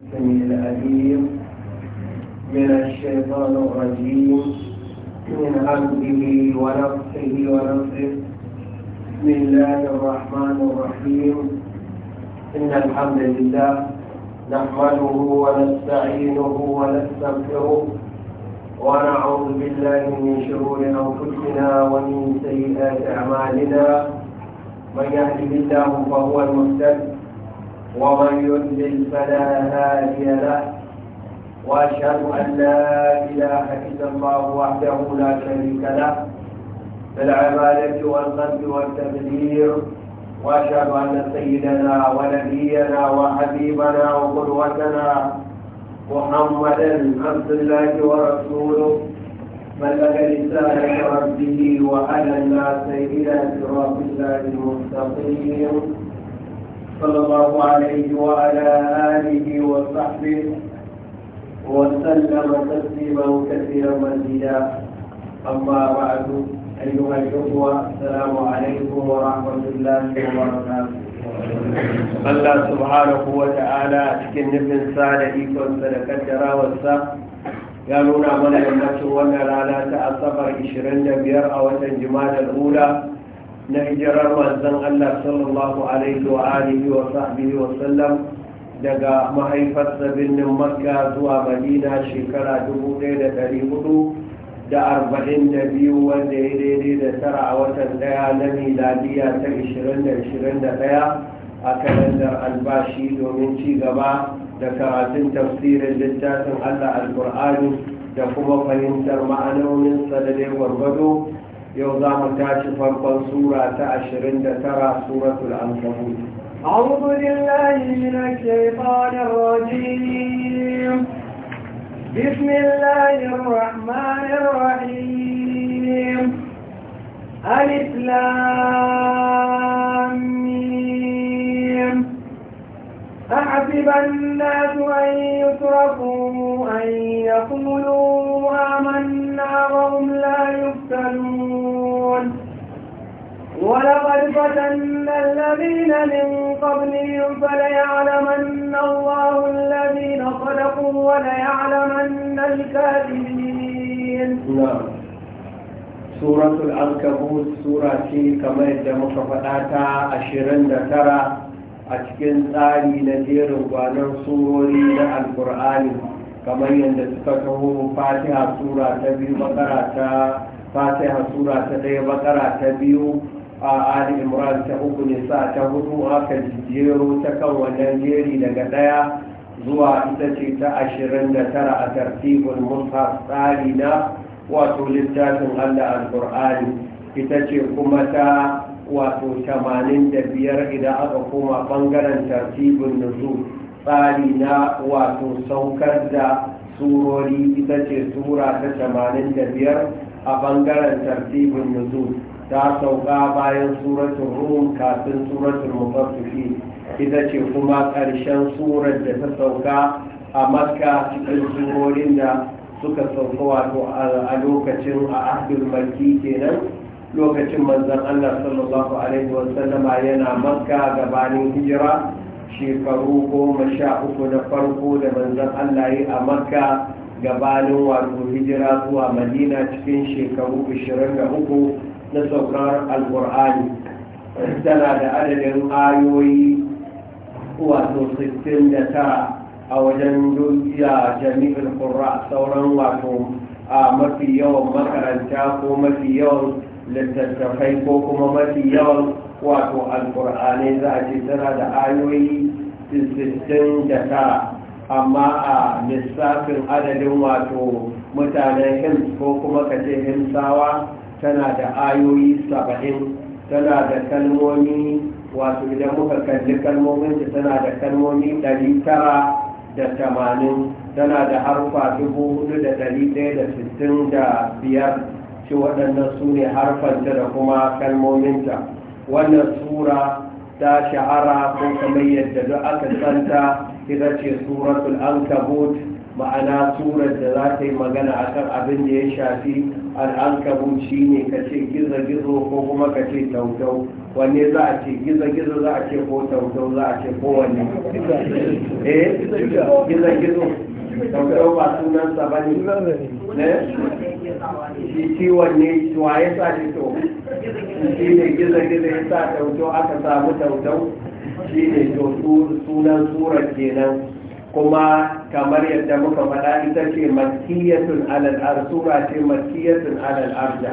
السميع العليم من الشيطان الرجيم من عبده ونفسه ونفسه بسم الله الرحمن الرحيم إن الحمد لله نحمده ونستعينه ونستغفره ونعوذ بالله من شرور أنفسنا ومن سيئات أعمالنا من يهده الله فهو المهتد ومن يضلل فلا هادي له واشهد ان لا اله الا الله وحده لا شريك له في العباده والقلب والتبذير واشهد ان سيدنا ونبينا وحبيبنا وقدوتنا محمدا عبد الله ورسوله بلغ رسالة ربه وأنا الناس إلى صراط الله المستقيم صلى الله عليه وعلى آله وصحبه وسلم تسليما كثيرا مزيدا أما بعد أيها الإخوة السلام عليكم ورحمة الله وبركاته Allah subhanahu wa ta'ala a cikin nufinsa da ikonsa da kaddarawarsa ya nuna mana yammacin wannan rana ta asabar 25 a watan jima'a da na hijirar manzon Allah sallallahu alaihi wa alihi wa sahbihi wa sallam daga mahaifar birnin makka zuwa madina shekara 1442 wanda ya daidai da tara a watan daya na miladiya ta 2021 a kalandar albashi domin ci gaba da karatun tafsirin littafin allah alkur'ani da kuma fahimtar ma'anoninsa da dai gwargwado yau za mu tashi farkon sura ta ashirin da tara suratul ankabut أعوذ بالله من الشيطان الرجيم بسم الله الرحمن الرحيم الإسلام أحسب الناس أن يتركوا أن يقولوا آمنا وهم لا يفتنون ولقد فتنا الذين من قبلهم فليعلمن الله الذين صدقوا وليعلمن الكاذبين نعم سورة الأنكبوت سورة كما يتمكن فتاة ترى a cikin tsari na jerin gwanon surori na alkur'ani kamar yadda suka taho fatiha sura ta biyu bakara ta fatiha sura ta ɗaya bakara ta biyu a ali imran ta uku nisa ta hudu aka jero ta kan wannan jeri daga ɗaya zuwa ita ce ta ashirin da tara a tartibin mushaf tsari na wato littafin allah alkur'ani ita ce kuma ta wato 85 idan aka koma bangaren tartibin nuzu tsari na wato saukar da surori ita ce sura ta 85 a bangaren tartibin nuzu ta sauka bayan suratun rum kafin suratun mafafafi ita ce kuma ƙarshen surar da ta sauka a makka cikin surorin da suka sauka wato a lokacin a ahdul marki kenan lokacin manzan Allah sallallahu alaihi wasallama yana makka gabanin hijira shekaru goma sha uku na farko da manzan Allah yi a makka gabanin wato hijira zuwa madina cikin shekaru 23 na saukar alkur'ani tana da adadin ayoyi wato 69 a wajen duniya jami'in kura sauran wato a mafi yawan makaranta ko mafi yawan littattafai ko kuma mafi yawan wato alkur'anai za a ce tana da ayoyi 69 amma a lissafin adadin wato mutanen hims ko kuma kace himsawa tana da ayoyi saba'in tana da kalmomi wato idan muka kalli kalmomin da tana da kalmomi 980 tana da harfa 4165 ce waɗannan su ne harfanta da kuma kalmominta wannan sura ta shahara ko kamar yadda duk aka santa ita ce suratul ankabut ma'ana surar da za ta yi magana a kan abin da ya shafi al'ankabut shi ne ka ce gizo-gizo ko kuma ka ce tautau wanne za a ce gizo-gizo za a ce ko tautau za a ce kowanne eh gizo-gizo tautau ba sunansa ba ne shi ciwon ne tuwa ya sa shi to shi ne gizo-gizo ya sa tautau aka samu tautau shi ne to sunan tsoron kenan kuma kamar yadda muka faɗa ita ce makiyatun alal'ar arsura ce makiyatun alal'ar da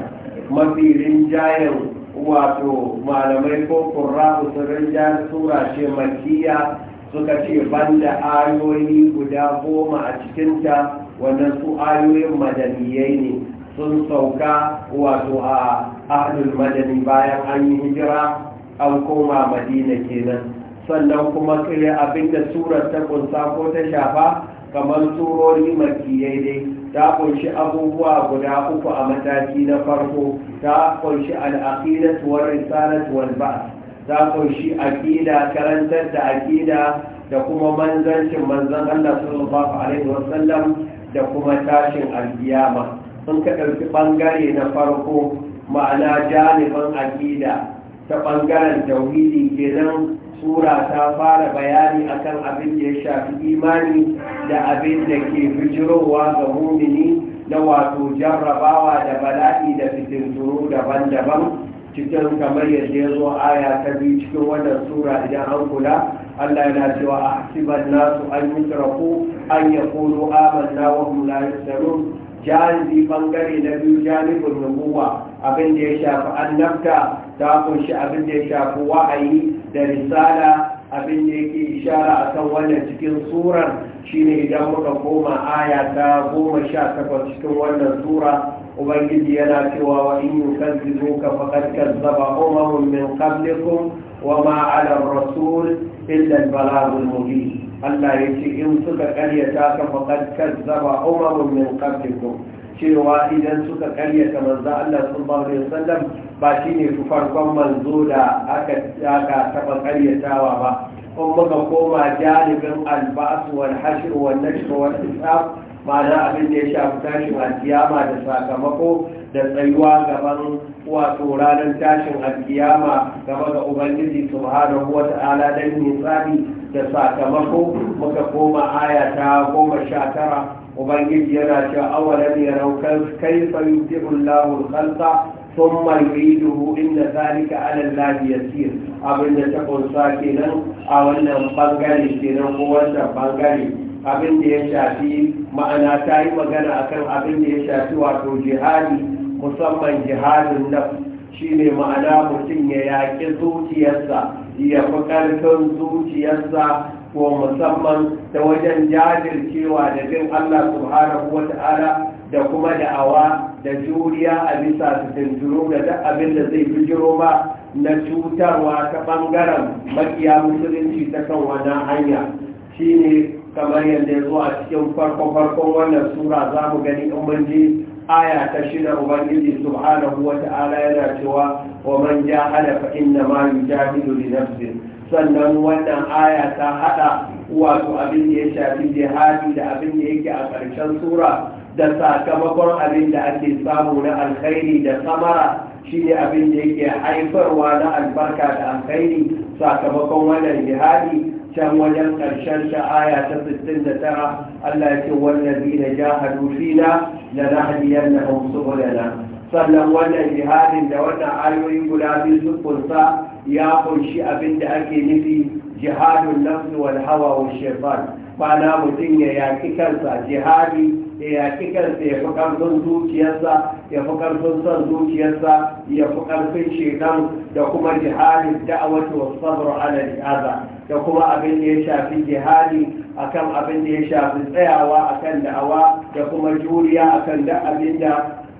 mafi rinjayen wato malamai ko kurra su rinjayen sura ce makiya suka ce banda ayoyi guda goma a cikinta wannan su ayoyin madaniyai ne sun sauka wato a ahlul madani bayan an yi hijira an koma madina kenan sannan kuma kire abinda surar ta kunsa ko ta shafa kamar surori makiyai dai ta kunshi abubuwa guda uku a mataki na farko ta kunshi al'aqidatu war risalatu wal ta kunshi aqida karantar da aqida da kuma manzancin manzon Allah sallallahu alaihi wasallam da kuma tashin alkiyama sun ka ɗauki ɓangare na farko ma'ana janiban aƙida ta ɓangaren tauhidi kenan sura ta fara bayani akan abin da ya shafi imani da abin da ke bijirowa ga mumini na wato jarrabawa da bala'i da fitintunu daban-daban cikin kamar yadda ya zo aya ta biyu cikin wannan sura idan an kula Allah yana cewa a hasiban nasu an yi an ya kolo amanna wa hum la yusarun janibi bangare na biyu janibin nubuwa abin da ya shafi annabta ta kunshi abin da ya shafi wa'ayi da risala abin da yake ishara a kan wannan cikin surar shine idan muka koma aya ta goma sha takwas cikin wannan sura ubangiji yana cewa wa in yukazzibuka faqad kazzaba umamun min qablikum wa ma 'ala ar-rasul illa al-balagul mubin Allah yace in suka karyata ka faqad kazzaba umamun min qablikum cewa idan suka karyata manzo Allah sallallahu alaihi wasallam ba shine farkon manzo da aka aka taba karyatawa ba kuma muka koma jalibin al-ba'th wal hashr wal nashr wal hisab ma'ana abin da ya shafi tashin alkiyama da sakamako da tsayuwa gaban wato ranar tashin alkiyama gaba ga ubangiji subhanahu wata ala dan hisabi da sakamako muka koma aya ta goma sha tara ubangiji yana cewa awalan yarau kaifa yuti'u Allahu al-khalqa ثم يعيده إن ذلك على الله يسير abin da ta kunsa kenan a wannan bangare kenan ko wancan bangare abin da ya shafi ma'ana ta yi magana a kan abin da ya shafi wato jihadi musamman jihadin nafs shine ma'ana mutum ya yaƙi zuciyarsa ya fi ƙarfin zuciyarsa ko musamman ta wajen jajircewa da bin Allah subhanahu wa ta'ala da kuma da'awa da juriya a bisa su da duk abin da zai jiro ma na cutarwa ta ɓangaren makiya musulunci ta kan wani hanya shine kamar yadda ya zo a cikin farko-farkon wannan sura za mu gani in mun ji aya ta shida ubangiji subhanahu wa ta'ala yana cewa wa man hada fa inna ma yujahidu li nafsihi sannan wannan aya ta hada wato abin da ya shafi jihadi da abin da yake a ƙarshen sura da sakamakon abin da ake samu na alkhairi da samara shi ne abin da yake haifarwa na albarka da alkhairi sakamakon wannan jihadi can wajen ƙarshen sha'aya ta 69 Allah ya ce wallazi na jahadu fina la nahdiyannahum subulana sannan wannan jihadin da wannan ayoyin guda biyu sun kunsa ya kunshi abin da ake nufi jihadun nafsu wal hawa wa ba na mutum ya yaki kansa jihadi ya ki kansa ya fi karfin zuciyarsa ya fi karfin son zuciyarsa ya fi karfin shekaru da kuma jihadin da'awati wasu sabr ala al'aza da kuma abin da ya shafi a akan abin da ya shafi tsayawa akan da'awa da kuma juriya akan da abin da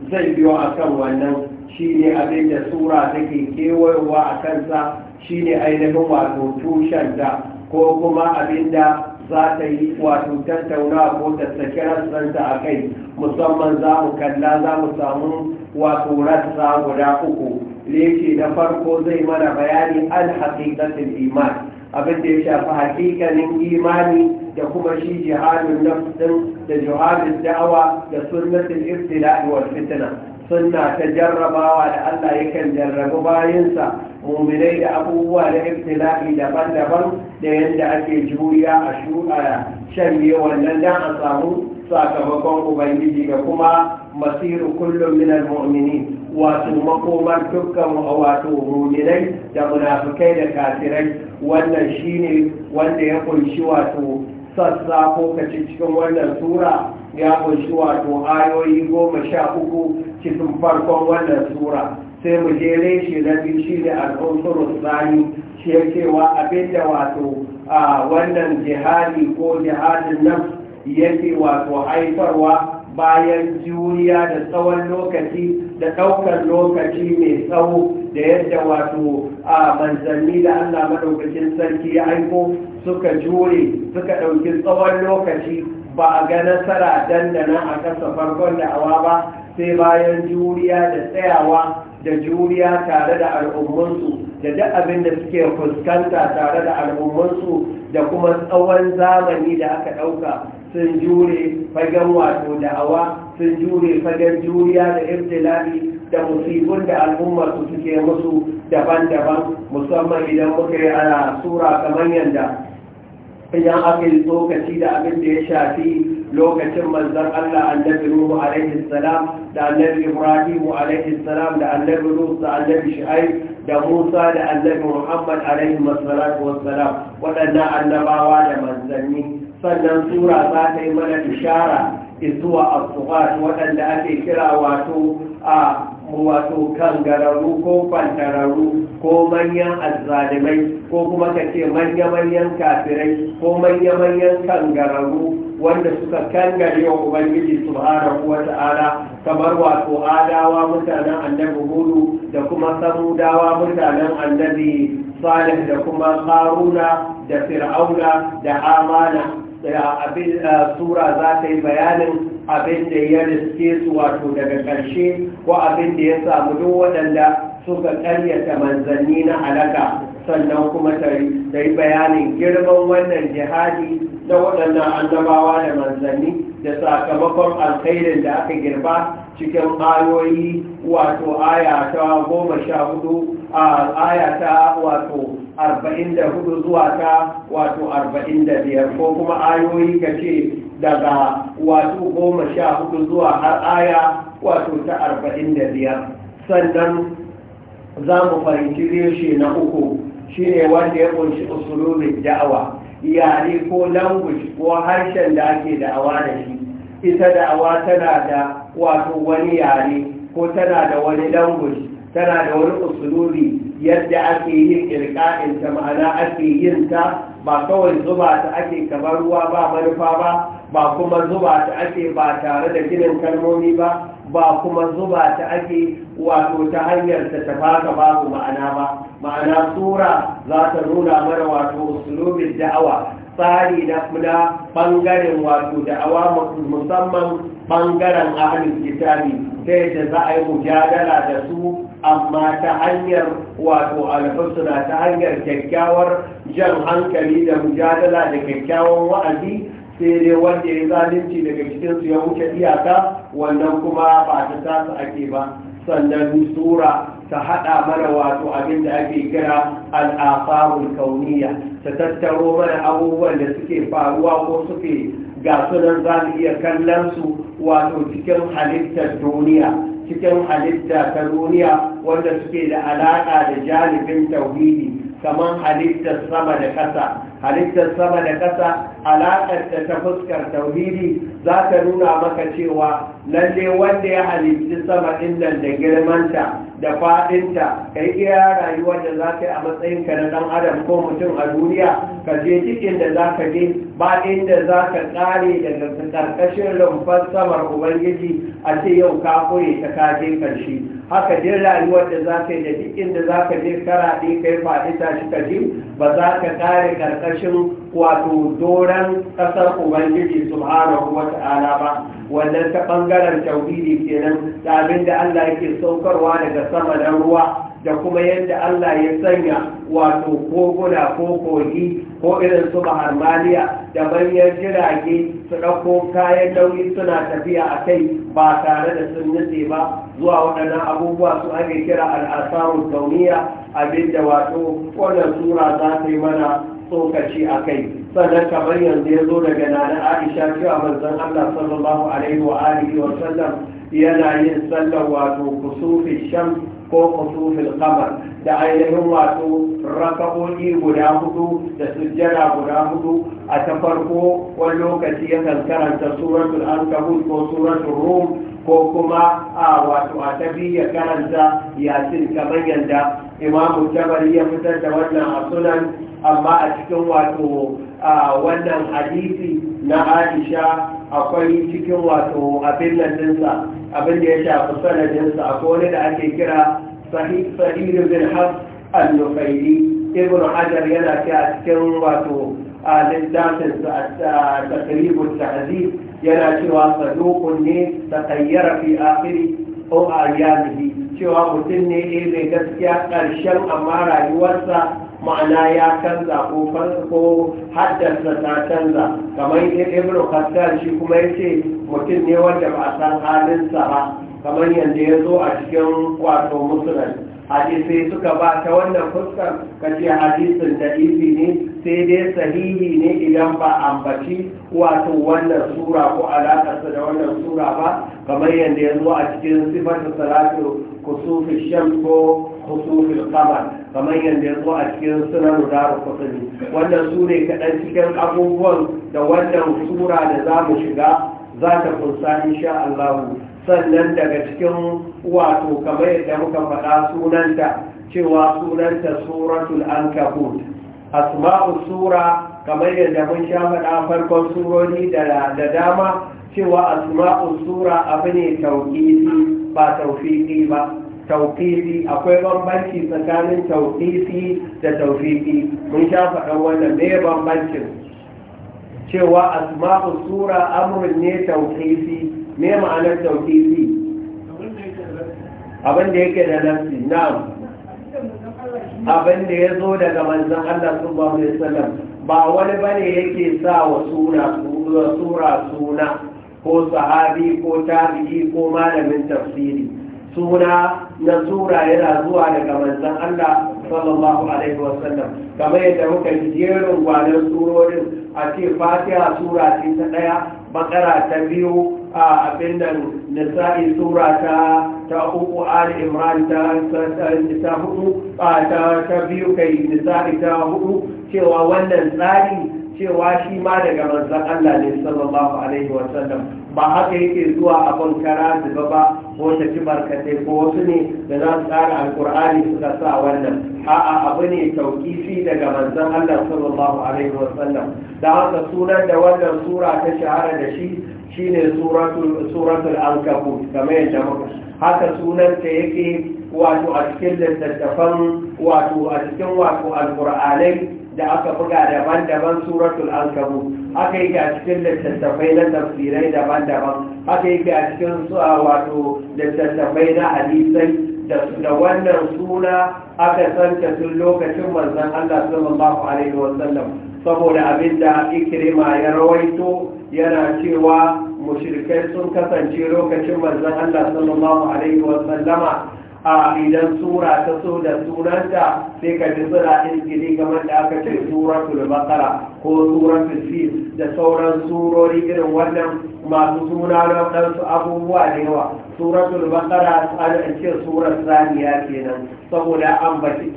zai biyo akan wannan shine abin da sura take kewayowa a kansa shine ainihin wato tushen da ko kuma abin da za ta yi wato tattauna ko ta sake rassanta a kai musamman za mu kalla za mu samu wato rassa guda uku lese na farko zai mana bayani an haƙiƙatin iman abin da ya shafi haƙiƙanin imani da kuma shi jihadin nafsin da jihadin da'awa da sunnatin ibtila'i wal fitna suna ta jarrabawa da Allah yakan jarrabu bayansa muminai da abubuwa da ibtila'i daban-daban da yadda ake juriya a shan biyu wannan dan a samu sakamakon ubangiji ga kuma masiru kullum min almu'mini wato makomar dukkan wato muminai da munafikai da kafirai wannan shine wanda ya kunshi wato sassa ko kace cikin wannan sura ya kunshi wato ayoyi goma sha uku cikin farkon wannan sura sai mu je reshe na biyu shi ne al'unsuru tsani shi ya cewa da wato a wannan jihadi ko jihadin nan yake wato haifarwa bayan juriya da tsawon lokaci da ɗaukar lokaci mai tsawo da yadda wato a manzanni da allah maɗaukacin sarki ya aiko suka jure suka ɗauki tsawon lokaci ba a ga nasara dandana a kasa farkon da'awa ba sai bayan juriya da tsayawa da juriya tare da al'ummansu da duk abin da suke fuskanta tare da al'ummansu da kuma tsawon zamani da aka ɗauka sun jure fagen wato da'awa sun jure fagen juriya da irtilabi da musibin da al'ummarsu suke musu daban-daban musamman idan muka yi ana sura kamar yadda idan aka yi tsokaci da abin da ya shafi lokacin manzon Allah annabi Nuhu alaihi salam da annabi Ibrahim alaihi salam da annabi Nuh da annabi Shu'aib da Musa da annabi Muhammad alaihi wassalatu wassalam waɗannan annabawa da manzanni sannan sura za ta yi mana ishara zuwa as waɗanda ake kira wato a wato kangararru ko kwantararru ko manyan azzalimai ko kuma ka ce manya-manyan kafirai ko manya-manyan kangararru wanda suka kangare wa ubangiji subhanahu wata'ala kamar wato adawa mutanen annabi hudu da kuma samudawa mutanen annabi salih da kuma karuna da fir'auna da amana abin eh, sura za ta yi bayanin abin da ya riske su wato daga ƙarshe ko abin da ya samu duk waɗanda suka ƙaryata manzanni na alaka sannan kuma ta yi bayanin girman wannan jihadi na waɗannan annabawa da manzanni da sakamakon alkhairin da aka girba cikin ayoyi wato aya ta goma sha hudu a aya ta wato arba'in da hudu zuwa ta wato arba'in da biyar ko kuma ayoyi ka ce daga wato goma sha hudu zuwa har aya wato ta arba'in da biyar sannan za mu fahimci reshe na uku shine wanda ya kunshi usulunin da'awa yare ko language ko harshen da ake da'awa da shi ita da'awa tana da wato wani yare ko tana da wani language tana da wani usulubi yadda ake yin ilka'in ta ma'ana ake yin ta ba kawai zuba ta ake kamar ruwa ba manufa ba ba kuma zuba ta ake ba tare da ginin kalmomi ba ba kuma zuba ta ake wato ta hanyar ta ba babu ma'ana ba ma'ana sura za ta nuna mana wato usulubin da'awa tsari na bangaren wato da'awa musamman ɓangaren ahalin kitabi ta yadda za a yi mujadala da su amma ta hanyar wato alfasuna ta hanyar kyakkyawar jan hankali da mujadala da kyakkyawan wa'azi sai dai wanda ya zalunci daga cikin su ya wuce iyaka wannan kuma ba ta tasu ake ba sannan sura ta haɗa mana wato abin da ake kira al'afarun kauniya ta tattaro mana abubuwan da suke faruwa ko suke ga sunan za mu iya kallon su wato cikin halittar duniya cikin halitta ta duniya wanda suke da alaƙa da jalibin tauhidi kamar halittar sama da ƙasa halittar sama da ƙasa alaƙar da ta fuskar tauhidi za ta nuna maka cewa lalle wanda ya halitti sama ɗin da girmanta da faɗinta ka yi iya rayuwar da za a matsayin ka na ɗan adam ko mutum a duniya ka je cikin da za ka je ba inda za ka ƙare daga ƙarƙashin rumfar samar ubangiji a ce yau ka koye ta kaje ƙarshe haka je rayuwar da za ka yi da duk inda za ka je karaɗe kai faɗi tashi ka je ba za ka ƙare ƙarƙashin wato doron ƙasar ubangiji subhanahu wa ta'ala ba wannan ta ɓangaren tauhidi kenan da abin da allah yake saukarwa daga sama na ruwa da kuma yadda allah ya sanya wato koguna ko kogi ko irin su baharmaliya da manyan jirage su ɗauko kayan nauyi suna tafiya a kai ba tare da sun nutse ba zuwa waɗannan abubuwa su ake kira al'asamun kauniya abinda wato wannan sura za ta yi mana tsokaci a kai sannan kamar yanzu ya zo daga nana aisha cewa manzon allah sallallahu alaihi wa alihi wa sallam yana yin sallar wato kusufi shan ko kusufin kamar da ainihin wato raka'o'i guda hudu da sujjada guda hudu a ta farko wani lokaci yakan karanta suratul ankabut ko suratul rum ko kuma a wato a ta ya karanta yasin kamar yanda imamu tabari ya fitar da wannan a sunan amma a cikin wato wannan hadisi na aisha akwai cikin wato abin nan dinsa abin da ya shafi sanadinsa akwai wani da ake kira sahih bin haf al-nufaili ibn hajar yana ce a cikin wato littafin takribul tahzib yana cewa saduqun ne takayyara fi akhiri ko ayyamihi cewa mutum ne eh mai gaskiya karshen amma rayuwarsa ma'ana ya canza ko ko haddasa ta canza kamar ibn kasar shi kuma ya ce mutum ne wanda ba a san halinsa ba kamar yanda ya zo a cikin wato musulun hadisai suka ba ta wannan fuskar ce hadisin da ifi ne sai dai sahihi ne idan ba ambaci wato wannan sura ko alakarsa da wannan sura ba kamar yadda ya zo a cikin da salatu kusufi shams ko خصوص القمر kamar yadda ya zo a cikin sunan daru wannan su ne kaɗan cikin abubuwan da wannan sura da za mu shiga za ta kunsa insha Allah sannan daga cikin wato kamar yadda muka faɗa sunanta cewa sunanta suratul ankabut asma'u sura kamar yadda mun sha faɗa farkon surori da dama cewa asma'u sura abu ne tauƙifi ba taufiƙi ba tauƙifi akwai bambanci tsakanin tauƙifi da tauƙifi mun sha faɗan wannan me bambancin cewa asma'u sura Amrun ne tauƙifi me ma'anar tauƙifi abin da yake da nafsi na'am abin da ya zo daga manzan Allah subhanahu alaihi wasallam ba wani bane yake sa wa sura sura suna ko sahabi ko tabi'i ko malamin tafsiri suna na sura yana zuwa daga manzan Allah sallallahu alaihi wasallam kamar yadda muka ji jerin gwanin surorin a ce fatiha sura ce ta ɗaya bakara ta biyu a abin da nisa'i sura ta ta uku ali imran ta ta hudu ta ta biyu kai nisa'i ta hudu cewa wannan tsari cewa shi ma daga manzan Allah ne sallallahu alaihi wasallam ba haka yake zuwa abin kara zuba ba ko ta ci barkatai ko wasu ne da za su tsara alkur'ani suka sa wannan a'a abu ne tauƙifi daga manzon Allah sallallahu alaihi wasallam da haka sunan da wannan sura ta shahara da shi shine suratul suratul ankabut kamar yadda muka haka sunan ta yake wato a cikin littattafan wato a cikin wato alkur'anai da aka buga daban-daban suratul ankabu aka yi a cikin littattafai na tafsirai daban-daban aka yi a cikin wato littattafai na hadisai da wannan suna aka ta tun lokacin manzon Allah sallallahu alaihi wasallam saboda da ikrima ya rawaito yana cewa mushrikai sun kasance lokacin manzon Allah sallallahu alaihi wasallama a idan sura ta so da sunanta sai ka ji suna izgili kamar da aka ce su makara ko suratul fil da sauran surori irin wannan masu suna na waɗansu abubuwa da yawa suratul makara ana ce surar saniya kenan saboda an baci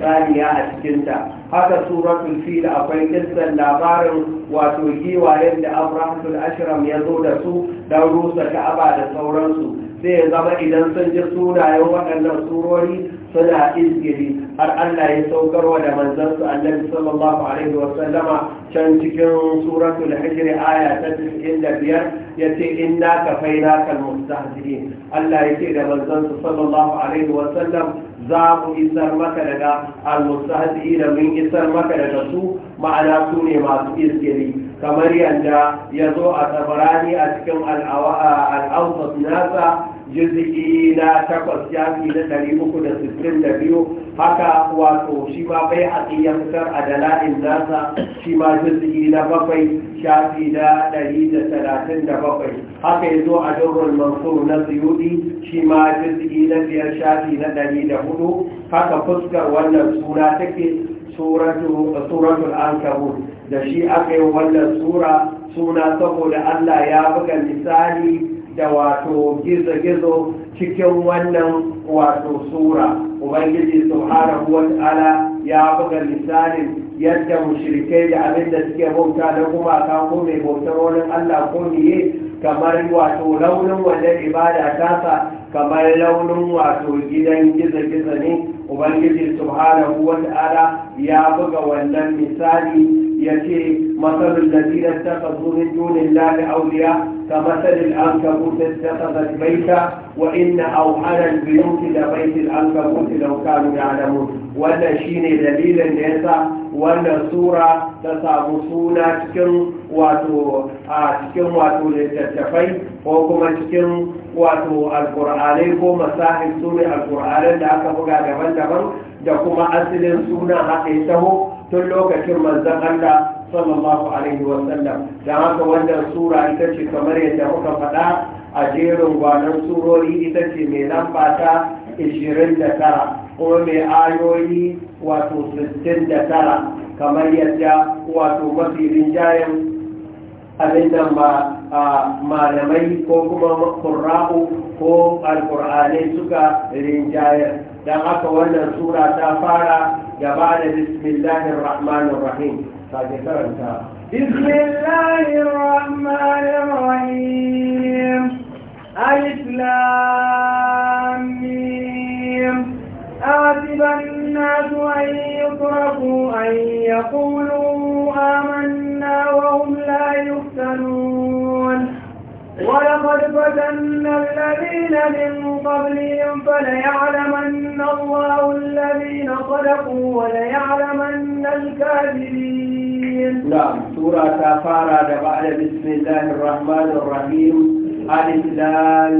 saniya a cikinta haka suratul da akwai kissar labarin wato giwayen da abrahatul ashram ya zo da su don rusa ka'aba da sauransu sai ya zama idan sun ji sunayen waɗannan surori suna izgiri har Allah ya saukarwa da manzansu annabi sallallahu alaihi wa sallama can cikin suratul hijr aya ta 95 yace inna kafaina kal mustahzirin Allah yake da manzansu sallallahu alaihi wa za mu isar maka daga al mustahzirin min isar maka daga su ma'ana su ne masu izgiri kamar yadda ya zo a tabarani a cikin al'autas nasa jirgi na takwas shafi na ɗari uku da sittin da biyu haka wato shi ma bai a iya fitar a dala'in nasa shi ma jiziki na bakwai shafi na ɗari da talatin da bakwai haka ya zo a dogon mansur na suyudi shi ma jirgi na biyar shafi na ɗari da hudu haka fuskar wannan suna take suratul ankabut da shi aka yi wannan sura suna saboda Allah ya buga misali da wato gizo-gizo cikin wannan wato sura ubangiji subhanahu wa ta'ala ya buga misalin yadda mushrikai da abin da suke bauta da kuma ko mai bautar wani Allah ko miye kamar wato launin wannan ibada tasa kamar launin wato gidan gizo-gizo ne ubangiji subhanahu wa ta'ala ya buga wannan misali ya ce masalin da zira ta kasu min dunin lafi auliya ka masalin an ka kuta biyuti da baitin an ka kuta da wannan shine dalilin da ya sa wannan sura ta samu suna cikin wato a cikin wato littattafai ko kuma cikin wato alkur'anai ko masahin su al'ƙur'anai da aka buga daban-daban da kuma asalin suna haka ya taho tun lokacin manzan Allah sallallahu alaihi sallam da haka wannan sura ita ce kamar yadda muka faɗa a jerin gwanon surori ita ce mai lamba ta 29 kuma mai ayoyi wato 69 kamar yadda wato mafi rinjayen abin nan ba malamai ko kuma ƙura'u ko alƙur'anai suka rinjayar don haka wannan sura ta fara gaba da bismillahir rahmanir rahim sake karanta bismillahir rahmanir rahim alif lam أحسب الناس أن يتركوا أن يقولوا آمنا وهم لا يفتنون ولقد فتنا الذين من قبلهم فليعلمن الله الذين صدقوا وليعلمن الكاذبين نعم سورة تفارة بعد بسم الله الرحمن الرحيم الإسلام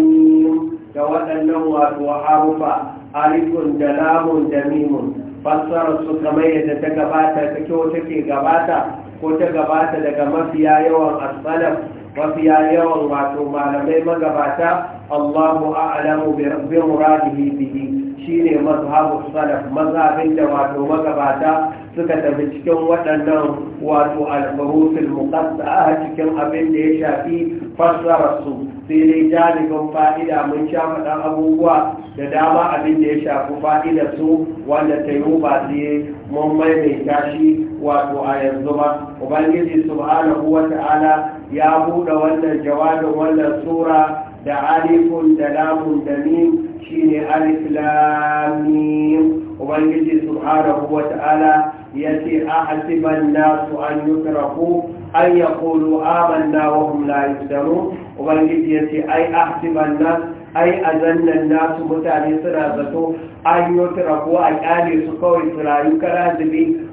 كوأنه وحرفا alifun da lamun da mimun fassarar su kamar yadda ta gabata ta kyau ke gabata ko ta gabata daga mafiya yawan asalaf mafiya yawan wato malamai magabata Allahu a'lamu bin muradihi bihi shine mazhabu salaf mazhabin da wato magabata suka tafi cikin waɗannan wato alfarufin mukasta a cikin abin da ya shafi fassararsu sai dai janibin fa'ida mun sha ɗan abubuwa da dama abin da ya shafi fa'idarsu wanda ta yi ba sai mun maimaita shi wato a yanzu ba ubangiji subhanahu wa ta'ala ya buɗe wannan jawabin wannan sura da alifun da lamun da mim shine alif lam mim ubangiji subhanahu wa ta'ala yace a hasiban nasu an yi yutraku an ban amanna wa hum la yusarun ubangiji ce, ai a hasiban da ai a da nasu mutane suna zato an yi yutraku a kyale su kawai su rayu kara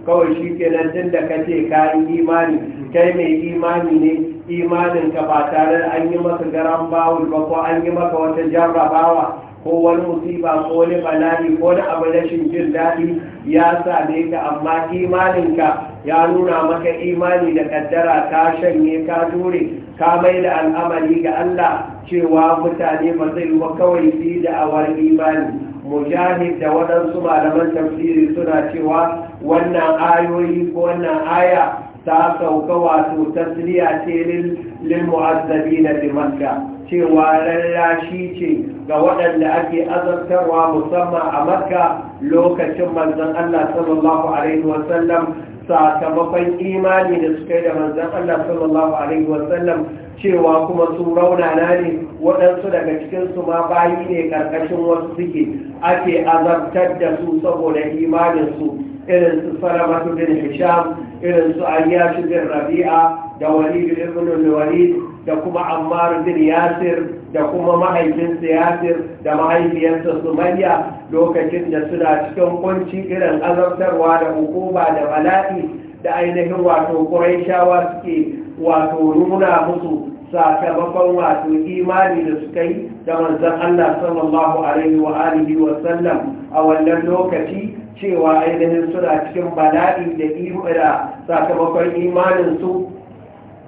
kawai shi kenan tun da kace yi imani kai mai imani ne Imanin ka ba tare an yi maka garan bawul ba ko an yi maka wata jarrabawa ko wani musiba ko wani bala'i ko wani abu rashin jin daɗi ya same ka amma imaninka ya nuna maka imani da kaddara ka shanye ka ture, ka mai da al'amari ga Allah cewa mutane ba zai ba kawai fi da awar imani mujahid da waɗansu malaman tafsiri suna cewa wannan ayoyi ko wannan aya ta sauka wato tasliya ce lil mu'azzabina bi makka cewa lallashi ce ga waɗanda ake azabtarwa musamman a makka lokacin manzan Allah sallallahu Alaihi wasallam sakamakon imani da suka yi da manzan Allah sallallahu Alaihi wasallam cewa kuma su raunana ne waɗansu daga cikinsu ma bayi ne ƙarƙashin wasu suke ake azabtar da su saboda imaninsu irin su salamatu bin hisham irin su ayyashi bin rabi'a da walid ibn walid da kuma ammar bin yasir da kuma mahaifinsa yasir da mahaifiyarsa sumayya lokacin da suna cikin kunci irin azabtarwa da hukuma da bala'i da ainihin wato ƙuraishawa suke wato nuna musu sakamakon wato imani da suka yi da manzan Allah sallallahu alaihi wa alihi wa sallam a wannan lokaci cewa ainihin suna cikin bala'i da sakamakon imanin su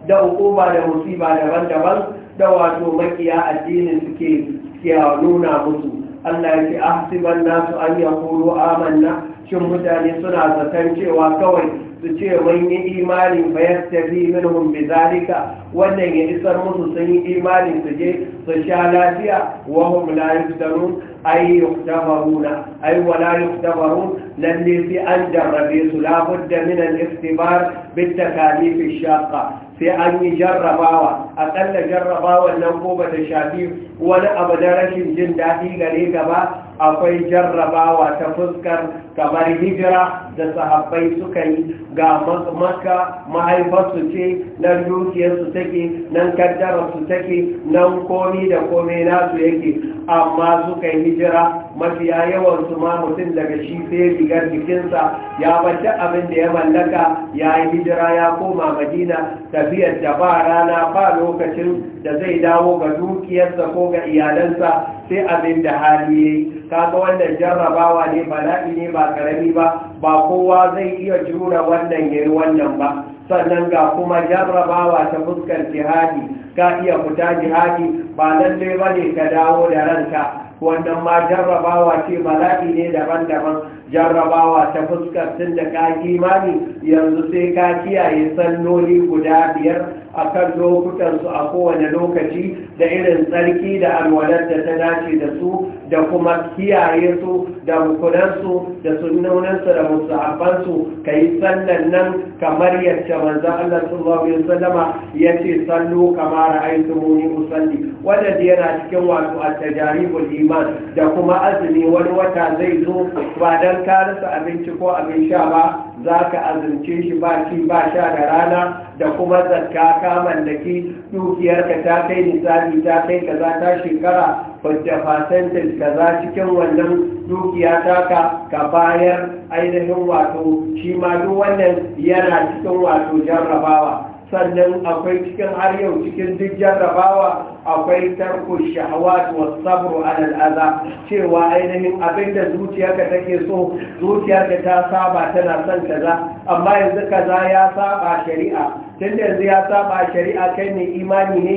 da hukuma da musiba daban-daban da wato makiya addinin suke nuna musu Allah ya ce ahsiban nasu an yaqulu amanna shin mutane suna zaton cewa kawai su ce mun yi imani fa yastafi minhum bizalika wannan ya isar musu sun yi imani su je su sha lafiya wa hum la yuftarun ay yuftaruna ay wa la yuftarun lalle sai an jarrabe su la budda min al-iftibar bit takalif ash-shaqqa sai an yi jarrabawa aƙalla jarrabawa nan ko ba ta shafi wani abu na rashin jin daɗi gare gaba akwai jarrabawa ta fuskar kamar hijira da sahabbai suka yi ga maka mahaifarsu ce nan dukiyarsu take nan kaddararsu take nan komi da kome nasu yake amma suka yi hijira mafiya yawan su ma mutum daga shi sai rigar jikinsa ya bace abin da ya mallaka ya yi hijira ya koma madina tafiyar da ba rana ba lokacin da zai dawo ga dukiyarsa ko ga iyalansa sai abin da hali ya yi kaga wannan jarrabawa ne bala'i ne ba karami ba ba kowa zai iya jura wannan ya wannan ba sannan ga kuma jarrabawa ta fuskar jihadi ka iya fita jihadi ba lalle ba ne ka dawo da ranka wannan ma jarrabawa ce bala'i ne daban-daban jarrabawa ta fuskar tun da ka imani yanzu sai ka kiyaye sannoni guda biyar a kan lokutansu a kowane lokaci da irin tsarki da alwalar da ta dace da su da kuma kiyaye su da hukunansu, da sunnunansu da musa'abansu ka yi sallan nan kamar yadda manzan Allah sallallahu alaihi wasallama ya ce sallu kamar muni usalli wanda yana cikin wasu at-tajaribul iman da kuma azumi wani wata zai zo ba dan ka abinci ko abin sha ba za ka azurce shi ba ci ba sha da rana da kuma zarka kaman da ki dukiyarka ta kai nisabi ta kai kaza ta shekara wadda fasentin kaza cikin wannan dukiya ka ka bayar ainihin wato shi ma duk wannan yana cikin wato jarrabawa sannan akwai cikin har yau cikin duk jarrabawa akwai tarko shahawat wa sabru ala al'aza cewa ainihin abinda zuciyarka take so zuciyarka ta saba tana son kaza amma yanzu kaza ya saba shari'a tunda yanzu ya saba shari'a kai ne imani ne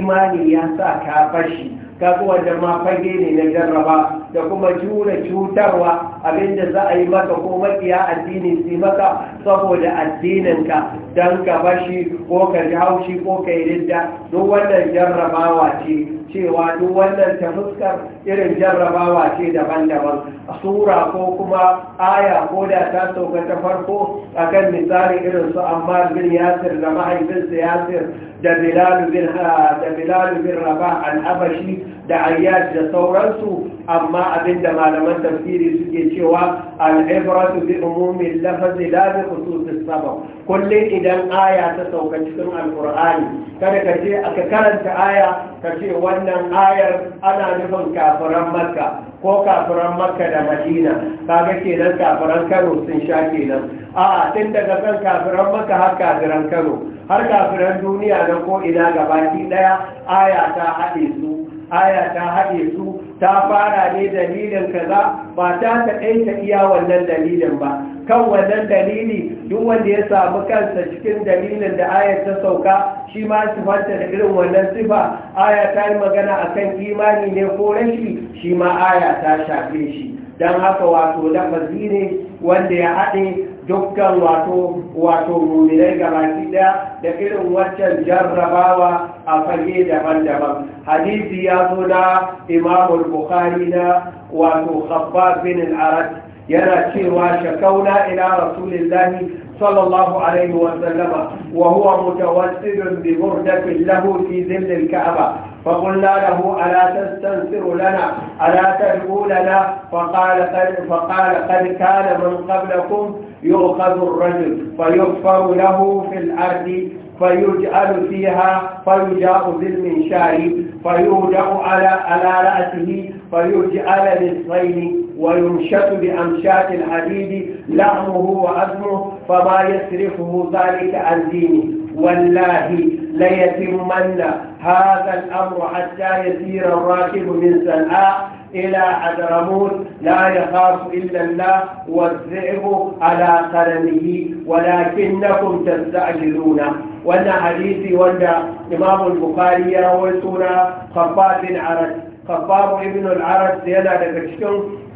imani ya sa ka fashi kaga wannan ma fage ne na jarraba da kuma jure cutarwa abinda za a yi maka ko makiya addini su maka saboda addininka don ka bashi ko ka ji haushi ko ka yi ridda duk wannan jarrabawa ce cewa duk wannan ta fuskar irin jarrabawa ce daban-daban a sura ko kuma aya ko da ta sauka ta farko akan misali irin su amma bin yasir da mahaifinsa yasir da bilalu bin ah, da bilalu rabah al-abashi da ayyad da sauransu amma abinda malaman tafsiri suke cewa al-ibratu bi umumin lafazi la bi khususis sabab kullum idan aya ta sauka cikin alqur'ani kada ka je aka karanta aya ka ce wani. wannan ayar ana nufin kafiran makka ko kafiran makka da madina kaga kenan kafiran kano sun sha kenan A'a, tun daga kan kafiran makka har kafiran kano har kafiran duniya na ko ina gabaki daya aya ta haɗe su aya ta haɗe su ta fara ne dalilin kaza ba ta ta iya wannan dalilin ba kan wannan dalili duk wanda ya samu kansa cikin dalilin da ayar ta sauka shi ma sifanta da irin wannan sifa aya ta yi magana kan imani ne ko rashi shi ma aya ta shafe shi don haka wato lafazi ne wanda ya haɗe dukkan wato wato muminai gabaki ɗaya da irin wancan jarrabawa a fage daban-daban hadisi ya zo na imamul bukhari na wato khabbab bin al-arad yana cewa إلى رسول الله صلى الله عليه وسلم وهو huwa ببردة له في lahu الكعبة فقلنا له ألا تستنصر لنا ألا تدعو لنا فقال قد, فقال قد كان من قبلكم يؤخذ الرجل فيغفر له في الأرض فيجعل فيها فيجاء بالمنشار فيوجع على على رأسه فيجعل للصين وينشط بأمشاة الحديد لحمه وعظمه فما يصرفه ذلك عن دينه والله ليتمن هذا الأمر حتى يسير الراكب من سنعاء إلى حضرموت لا يخاف إلا الله والذئب على قلمه ولكنكم تستعجلون وأن حديثي وأن إمام البخاري يروي سورة خفاف العرج خفاف ابن العرج يلا daga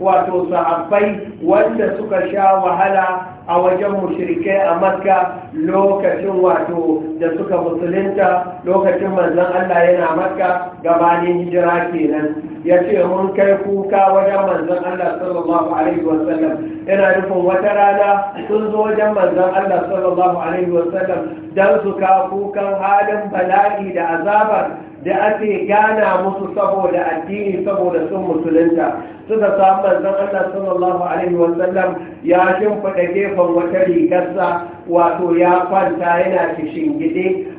wato sahabbai wanda suka sha wahala a wajen mushrikai a makka lokacin wato da suka musulunta lokacin manzon Allah yana makka gabanin hijira kenan ya ce mun kai kuka wajen manzon Allah sallallahu alaihi wasallam yana nufin wata rana sun zo wajen manzon Allah sallallahu alaihi wasallam don su kawo kukan halin bala'i da azabar da ake gana musu saboda addini saboda sun musulunta suka samu manzon Allah sallallahu alaihi wa sallam ya shimfiɗa gefen wata rigarsa wato ya kwanta yana kishin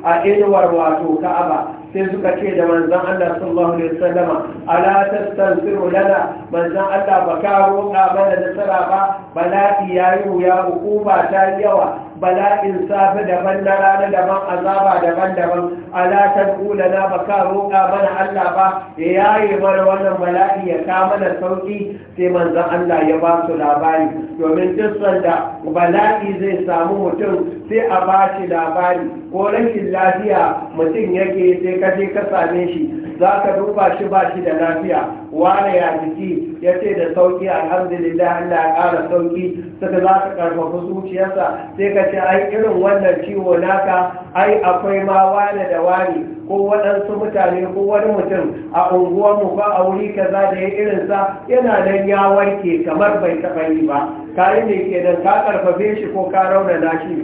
a inuwar wato Ka'aba sai suka ce da manzan Allah sallallahu alaihi wa sallam ala tastansiru lana manzan Allah ba ka roƙa mana nasara ba bala'i yayi wuya hukuma ta yawa bala'in safe daban na rana daban azaba daban daban ala na na baka roƙa mana Allah ba ya yaye mana wannan bala'i ya ka mana sauki sai manzon Allah ya ba su labari domin duk sanda bala'i zai samu mutum sai a ba shi labari ko rashin lafiya mutum yake sai ka je ka same shi za ka duba shi ba shi da lafiya wane ya jiki ya ce da sauki alhamdulillah Allah ya ƙara sauki suka za su karfafa zuciyarsa sai ka ce ai irin wannan ciwo naka ai akwai ma wane da wani ko waɗansu mutane ko wani mutum a unguwarmu ba a wuri kaza da ya irinsa yana nan ya warke kamar bai taɓa yi ba kayi ne ke nan ka karfafe shi ko ka raunana shi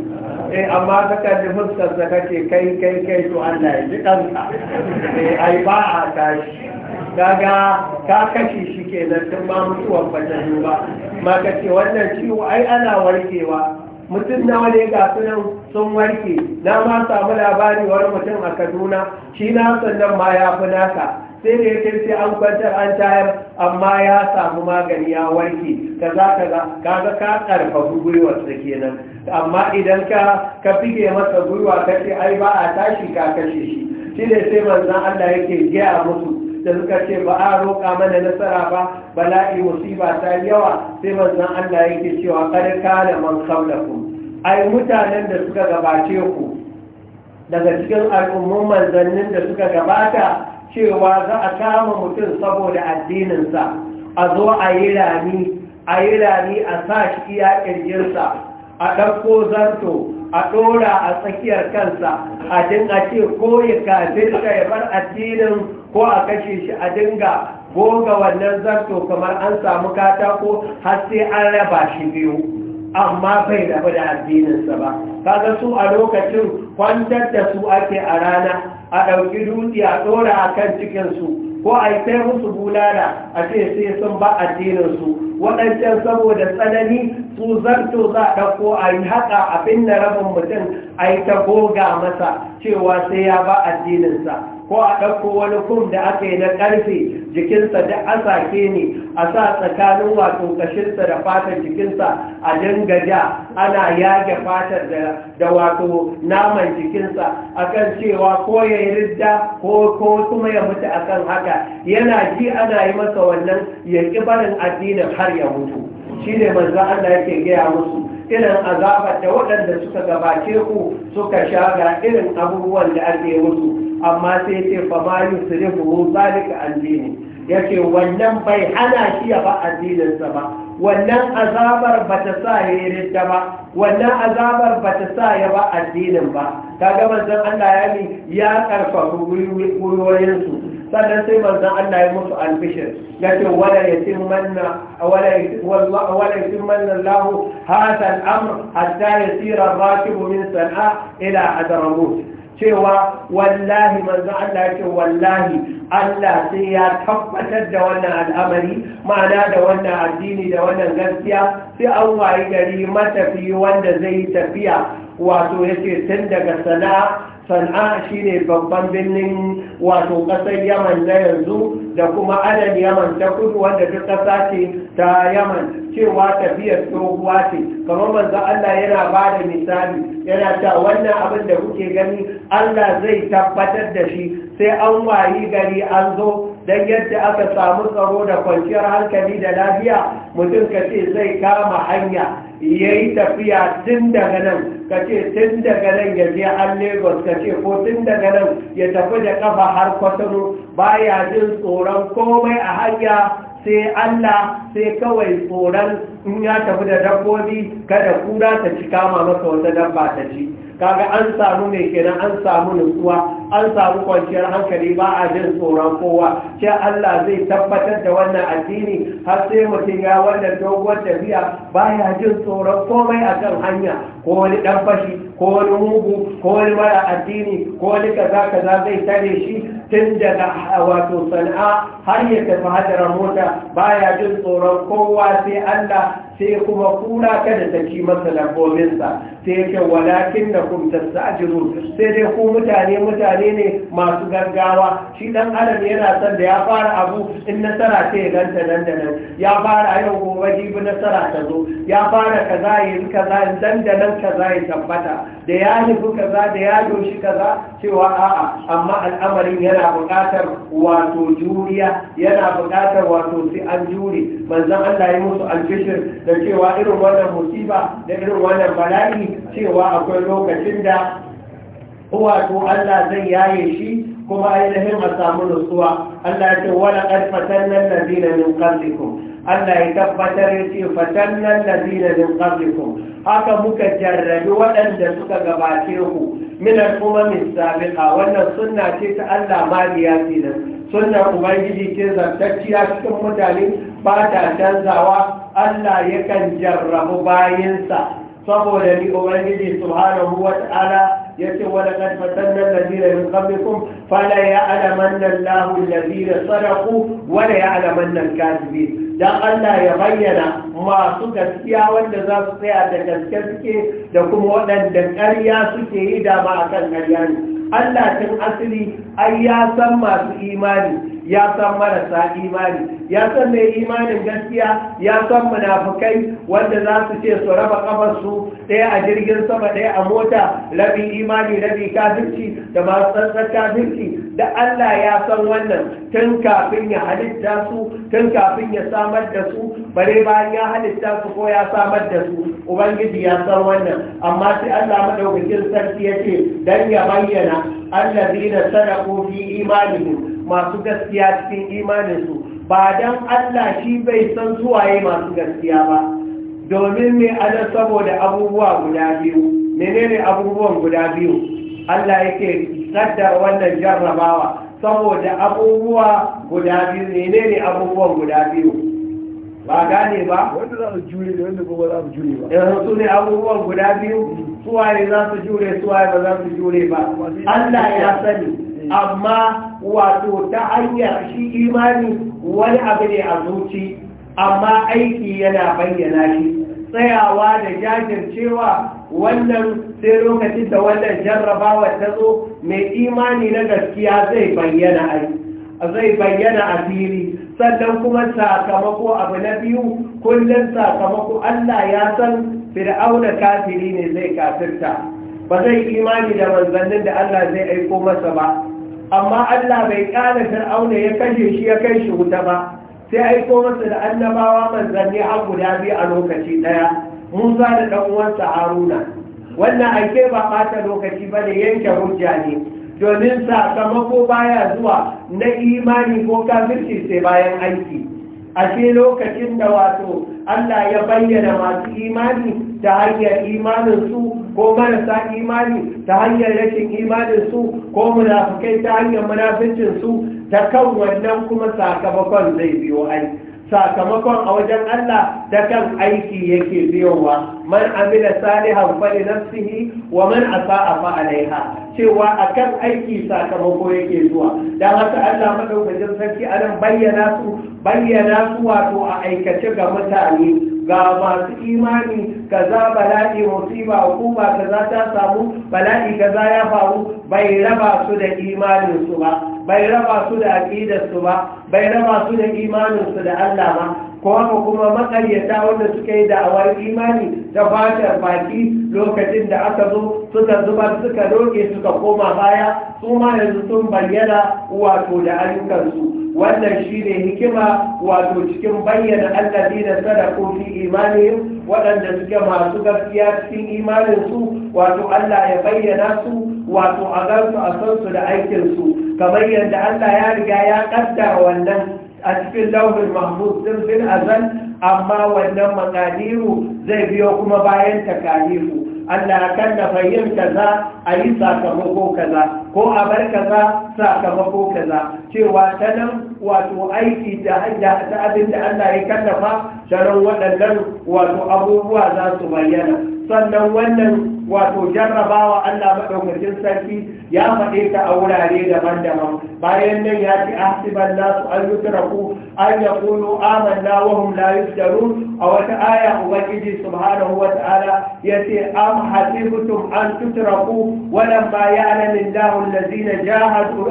eh amma ka kalli fuskar sa kai kai kai to Allah ya ji ɗanka eh ai ba a tashi Gaga ka kashe shi kenan tun ba mutuwan ba ta zo ba ma ce wannan ciwo ai ana warkewa mutum na wani ga sunan sun warke na ma samu labari wani mutum a kaduna shi na sannan ma ya fi naka sai da ya sai an kwantar an tayar amma ya samu magani ya warke ka za ka za ka ga ka karfafi gwiwarsa kenan amma idan ka ka fige masa gwiwa ka ce ai ba a tashi ka kashe shi shi ne sai manzan Allah yake gaya musu da suka ce ba a roƙa mana nasara ba bala'i musiba ta yawa sai manzon Allah yake cewa kada man qablakum ai mutanen da suka gabace ku daga cikin al'ummun manzannin da suka gabata cewa za a kama mutum saboda addininsa a zo a yi rami a yi rami a sa shi iya ƙirginsa a ɗauko zarto a ɗora a tsakiyar kansa a din a ce ko ya kafirka ya bar addinin ko a kashe shi a dinga goga wannan zarto kamar an samu katako har sai an raba shi biyu amma bai rabu da addininsa ba kaga su a lokacin kwantar da su ake a rana a ɗauki dutse a ɗora a kan cikinsu ko a yi sai musu bulala a ce sai sun ba addininsu waɗancan saboda tsanani su zarto za a ɗauko a yi haƙa a da rabin mutum a yi ta goga masa cewa sai ya ba addininsa ko a ɗauko wani kum da aka yi na ƙarfe jikinsa da asake ne a sa tsakanin wato kashinsa da fatar jikinsa a dinga ja ana yage fatar da wato naman jikinsa akan cewa ko ya yi ridda ko kuma ya mutu akan haka yana ji ana yi masa wannan ya ƙi barin addinin har ya mutu shi ne manzo Allah yake gaya musu irin azabar da waɗanda suka gabace ku suka sha ga irin abubuwan da ake musu amma sai ce fa ma yusrifu zalika an dini yace wannan bai hana shi ya ba addininsa ba wannan azabar ba ta sa ya yi ridda ba wannan azabar ba ta sa ya ba addinin ba kaga manzon Allah ya ni ya karfafa gwiwoyin sannan sai manzan Allah ya musu albishir ya ce wala yatim manna wala manna Allah hadha amr hatta yasira ar-rakibu min sana'a ila hadramut cewa wallahi manzo Allah ce wallahi Allah sai ya tabbatar da wannan al'amari ma'ana da wannan addini da wannan gaskiya sai an wayi gari matafi wanda zai tafiya wato ce tun daga sana sana'a shine babban birnin wato ƙasar yaman na yanzu da kuma adan yaman ta kudu wanda duk ƙasa ce ta yaman cewa tafiyar tsohuwa ce kamar manzo Allah yana ba da misali yana ta wannan abin da kuke gani Allah zai tabbatar da shi sai an wayi gari an zo don yadda aka samu tsaro da kwanciyar hankali da lafiya mutum ka ce zai kama hanya Yayi tafiya tun daga nan ka ce tun daga nan ya je an lagos ka ce ko tun daga nan ya tafi da kafa har kwatano baya jin tsoron komai a hanya sai allah sai kawai tsoron in ya tafi da dabbobi kada kura ta ci kama masa wata dabba ta ci kaga an samu mai kenan an samu nutsuwa an samu kwanciyar hankali ba a jin tsoron kowa ce Allah zai tabbatar da wannan addini har sai mutum ya wannan doguwar tafiya baya jin tsoron komai a kan hanya ko wani dan fashi ko wani mugu ko wani mara addini ko wani kaza kaza zai tare shi tun daga wato sana'a har ya tafi hadara mota baya jin tsoron kowa sai Allah sai kuma kura kada ta ci masa lambominsa sai ce walakin da kum sa'ajiru sai dai ku mutane mutane ne masu gaggawa shi dan adam yana son da ya fara abu in nasara ta yi ganta nan da nan ya fara yau gobe jibi nasara ta zo ya fara kaza yin kaza dan da nan kaza ya tabbata da ya nufi kaza da ya doshi kaza cewa a'a amma al'amarin yana buƙatar wato juriya yana buƙatar wato sai an jure manzon Allah ya musu albishir da cewa irin wannan musiba da irin wannan bala'i cewa akwai lokacin da wato Allah zai yaye shi kuma ainihin a samu nutsuwa Allah ya ce wala qad fatanna allazina min qablikum Allah ya tabbatar ya ce fatannan lazina min qablikum haka muka jarrabi waɗanda suka gabace ku min al-umam wannan suna ce ta Allah maliya ce sunna ubangiji ke zartacciya cikin mutane ba ta canzawa Allah yakan jarrabu bayansa, saboda ni ubangiji subhanahu wata ala. yace wala qad fatanna alladhina min qablikum fala ya'lamanna Allahu alladhina sadaqu wala ya'lamanna al dan Allah ya bayyana masu gaskiya wanda za su tsaya da gaske suke da kuma waɗanda ƙarya suke yi da ma akan ƙarya ne Allah tun asiri ai ya san masu imani ya san marasa imani ya san mai imanin gaskiya ya san munafukai wanda za su ce su raba kafarsu ɗaya a jirgin sama ɗaya a mota rabi imani rabi kafirci da masu tsantsar kafirci da Allah ya san wannan tun kafin ya halitta su tun kafin ya samar da su bare bayan ya halitta su ko ya samar da su ubangiji ya san wannan amma sai Allah madaukakin sarki ya ce dan ya bayyana allazina sadaqu fi imanihim masu gaskiya cikin imaninsu ba don Allah shi bai san suwaye masu gaskiya ba domin ne ana saboda abubuwa guda biyu menene abubuwan guda biyu Allah yake sadda wannan jarrabawa saboda abubuwa guda biyu menene abubuwan guda biyu ba gane ba wanda za su jure da wanda ba za su jure ba yanzu eh, su ne abubuwan guda biyu suwaye za su jure suwaye ba za su jure ba Allah ya sani amma wato ta hanyar shi imani wani abu ne a zuci amma aiki yana bayyana shi tsayawa da jajircewa wannan sai lokacin da wannan jarrabawa ta zo mai imani na gaskiya zai bayyana aiki zai bayyana a fili sannan kuma sakamako abu na biyu kullum sakamako Allah ya san fir'auna kafiri ne zai kafirta ba zai imani da manzannin da Allah zai aiko masa ba amma Allah bai kana fir'auna ya kashe shi ya kai shi wuta ba sai aiko masa da annabawa manzanni har guda biyu a lokaci daya Musa da dan uwansa Haruna wannan ake ba bata lokaci ba da yanke hujja ne domin sakamako baya zuwa na imani ko kafirci sai bayan aiki a ce lokacin da wato Allah ya bayyana masu imani ta hanyar imanin su ko marasa imani ta hanyar rashin su ko munafukai ta hanyar su ta kan wannan kuma sakamakon zai biyo ai sakamakon a wajen Allah da kan aiki yake biyowa man amila salihan fali nafsihi wa man asa'a a alaiha cewa akan aiki sakamako yake zuwa dan haka Allah madaukakin sarki anan bayyana su bayyana su wato a aikace ga mutane ga masu imani kaza bala'i musiba hukuma kaza ta samu bala'i kaza ya faru bai raba su da imaninsu ba bai raba su da aqidarsu ba bai raba su da imaninsu da Allah ba ko haka kuma makaryata wanda suka yi da'awar imani ta fatar baki lokacin da aka zo suka zuba suka roƙe suka koma baya su ma yanzu sun bayyana wato da ayyukansu wannan shi ne hikima wato cikin bayyana allazi da sadaku fi imanihim waɗanda suke masu gaskiya cikin imaninsu wato allah ya bayyana su wato a gansu a sansu da aikinsu kamar yadda allah ya riga ya ƙaddara wannan a cikin lauhin mahmud sun fi azan amma wannan makadiru zai biyo kuma bayan takalifu Allah kan na fahim kaza a yi sakamako kaza ko a bar kaza sakamako kaza cewa ta nan wato aiki da hanya ta abin da Allah ya fa sharon waɗannan wato abubuwa za su bayyana sannan wannan wato jarrabawa Allah maɗaukacin sarki ya faɗe ta a wurare daban-daban bayan nan ya ce ahsiban nasu an yutraku an yaqulu amanna wa hum da yusjarun a wata aya ubangiji subhanahu wa ta'ala ya ce hasibtum an tutraku an lam ya'lamu Allahu allazina jahadu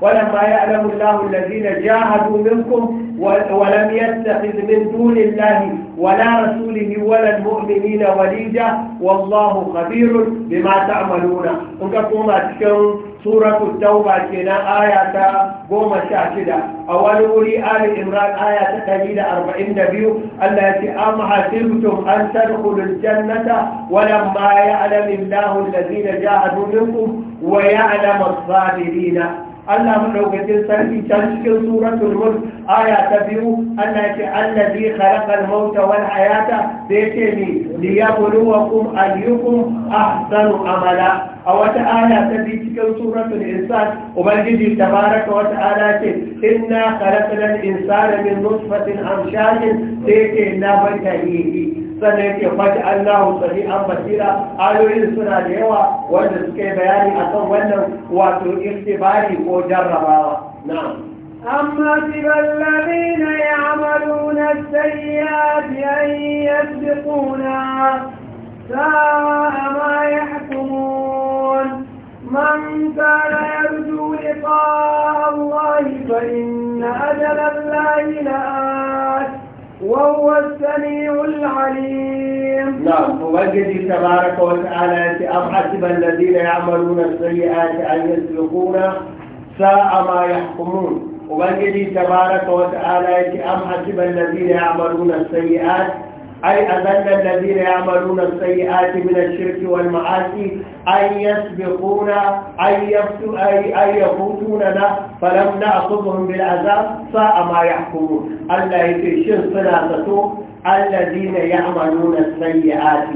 wa lam ya'lamu Allahu allazina jahadu minkum ولم يتخذ من دون الله ولا رسوله ولا المؤمنين وليدا والله خبير بما تعملون انك كما تكون سورة التوبة كنا آية قوم شاشدة أول أولي آل إمران آية تقليل أربعين نبيو التي أم حسبتم أن تدخلوا الجنة ولما يعلم الله الذين جاهدوا منكم ويعلم الصابرين Allah mu daukakin sarki can cikin suratul mulk aya ta biyu Allah yake allazi khalaqal mauta wal hayata da yake ni liyabluwakum ayyukum ahsanu amala a wata aya ta biyu cikin suratul insan ubangiji tabaraka wa ta'ala ce inna khalaqnal insana min nutfatin amshajin da yake na batalihi sannan yake faɗi Allahu sani an basira ayoyin suna da yawa wanda suka yi bayani akan wannan wato istibari ko jarrabawa na'am أما حسب الذين ya السيئات أن يسبقونا ساء ما يحكمون من كان يرجو لقاء الله فإن أجل الله لآت وهو السميع العليم نعم وجد تبارك وتعالى أم حسب الذين يعملون السيئات أن يسلكون ساء ما يحكمون وبجد تبارك وتعالى أم حسب الذين يعملون السيئات أي أذل الذين يعملون السيئات من الشرك والمعاصي أن يسبقون أن يفوتوننا فلم نأخذهم بالعذاب ساء ما يحكمون الله يتشير صلاته الذين يعملون السيئات